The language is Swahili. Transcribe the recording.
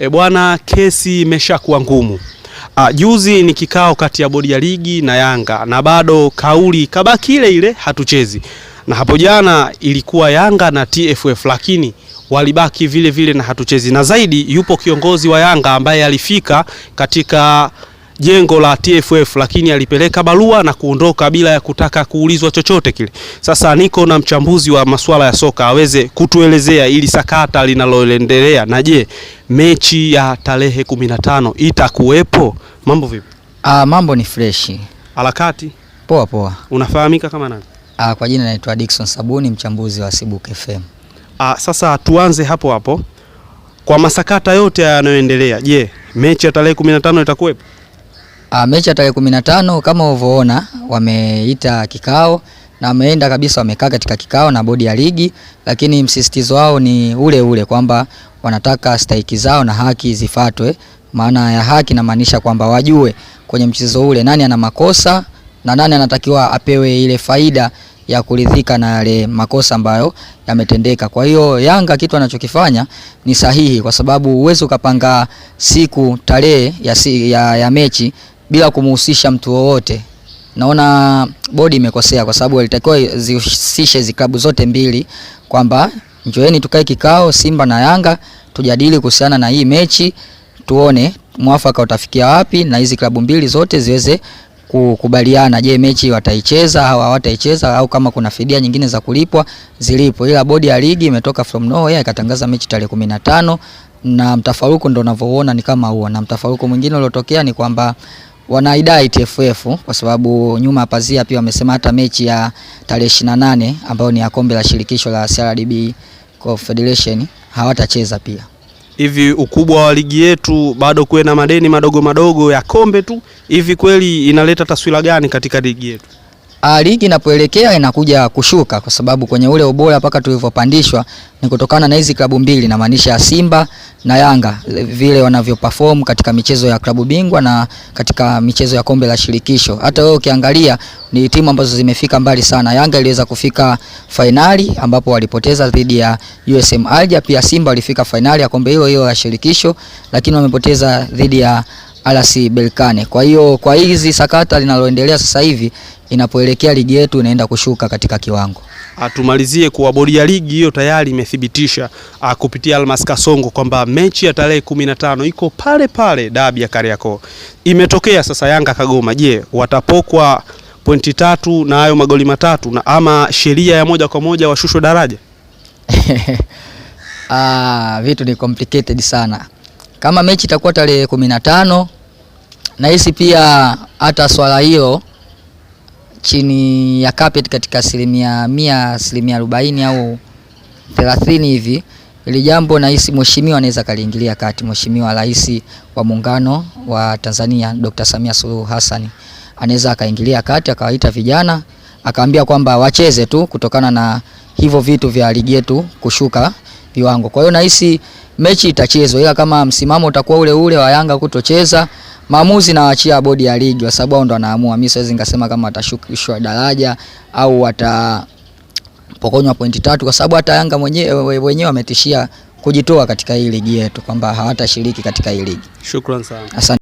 E bwana, kesi imeshakuwa ngumu. Ah, juzi ni kikao kati ya bodi ya ligi na Yanga na bado kauli kabaki ile ile, hatuchezi. Na hapo jana ilikuwa Yanga na TFF, lakini walibaki vile vile na hatuchezi. Na zaidi yupo kiongozi wa Yanga ambaye alifika katika jengo la TFF, lakini alipeleka barua na kuondoka bila ya kutaka kuulizwa chochote kile. Sasa niko na mchambuzi wa masuala ya soka aweze kutuelezea ili sakata linaloendelea, na je, mechi ya tarehe 15 itakuwepo? Mambo vipi? Ah, mambo ni fresh. Harakati poa poa. Unafahamika kama nani? Ah, kwa jina naitwa Dickson Sabuni, mchambuzi wa Sibuka FM. Ah, sasa tuanze hapo hapo kwa masakata yote yanayoendelea. Je, mechi ya tarehe 15 itakuwepo? Ah, mechi ya tarehe kumi na tano kama ulivyoona wameita kikao na wameenda kabisa, wamekaa katika kikao na bodi ya ligi, lakini msisitizo wao ni ule ule kwamba wanataka stahiki zao na haki zifatwe. Maana ya haki inamaanisha kwamba wajue kwenye mchezo ule nani ana makosa na nani anatakiwa apewe ile faida ya kuridhika na yale makosa ambayo yametendeka. Kwa hiyo Yanga kitu anachokifanya ni sahihi, kwa sababu huwezi ukapanga siku tarehe ya, ya, ya mechi bila kumuhusisha mtu wowote, naona bodi imekosea, kwa sababu walitakiwa zihusishe zikabu zote mbili, kwamba njoeni tukae kikao Simba na Yanga tujadili kuhusiana na hii mechi, tuone mwafaka utafikia wapi na hizi klabu mbili zote ziweze kukubaliana. Je, mechi wataicheza au hawataicheza au kama kuna fidia nyingine za kulipwa zilipo. Ila bodi ya ligi imetoka from nowhere ikatangaza mechi tarehe 15 na mtafaruku ndo unavyoona ni kama huo, na mtafaruku mwingine uliotokea ni kwamba wanaidai TFF kwa sababu nyuma ya pazia pia wamesema hata mechi ya tarehe 28 ambayo ni ya kombe la shirikisho la CRDB Confederation hawatacheza pia. Hivi ukubwa wa ligi yetu bado kuwe na madeni madogo madogo ya kombe tu, hivi kweli inaleta taswira gani katika ligi yetu? Ah, ligi inapoelekea inakuja kushuka, kwa sababu kwenye ule ubora mpaka tulivyopandishwa ni kutokana na hizi klabu mbili, namaanisha Simba na Yanga, vile wanavyoperform katika michezo ya klabu bingwa na katika michezo ya kombe la shirikisho. Hata wewe ukiangalia ni timu ambazo zimefika mbali sana. Yanga iliweza kufika fainali ambapo walipoteza dhidi ya USM Alger, pia Simba walifika fainali ya kombe hilo hilo la shirikisho, lakini wamepoteza dhidi ya RC Berkane. Kwa hiyo kwa hizi sakata linaloendelea sasa hivi inapoelekea ligi yetu inaenda kushuka katika kiwango. atumalizie kuwa bodi ya ligi hiyo tayari imethibitisha ah, kupitia Almas Kasongo kwamba mechi ya tarehe kumi na tano iko pale pale dabi ya Kariakoo. Imetokea sasa Yanga Kagoma, je, watapokwa pointi tatu na hayo magoli matatu na ama sheria ya moja kwa moja washushwe daraja? Ah, vitu ni complicated sana. Kama mechi itakuwa tarehe kumi na tano, nahisi pia hata swala hilo chini ya carpet katika asilimia mia asilimia arobaini au thelathini hivi ili jambo nahisi mheshimiwa anaweza kaliingilia kati. Mheshimiwa Rais wa Muungano wa Tanzania Dr. Samia Suluhu Hassan anaweza akaingilia kati, akawaita vijana, akaambia kwamba wacheze tu, kutokana na hivyo vitu vya ligi yetu kushuka viwango. Kwa hiyo nahisi mechi itachezwa, ila kama msimamo utakuwa ule ule wa Yanga kutocheza, maamuzi nawaachia bodi ya ligi, kwa sababu ndo anaamua. Mimi siwezi ngasema kama watashukishwa daraja au watapokonywa pointi tatu, kwa sababu hata Yanga mwenyewe wenyewe wametishia kujitoa katika hii ligi yetu kwamba hawatashiriki katika hii ligi. Shukrani sana.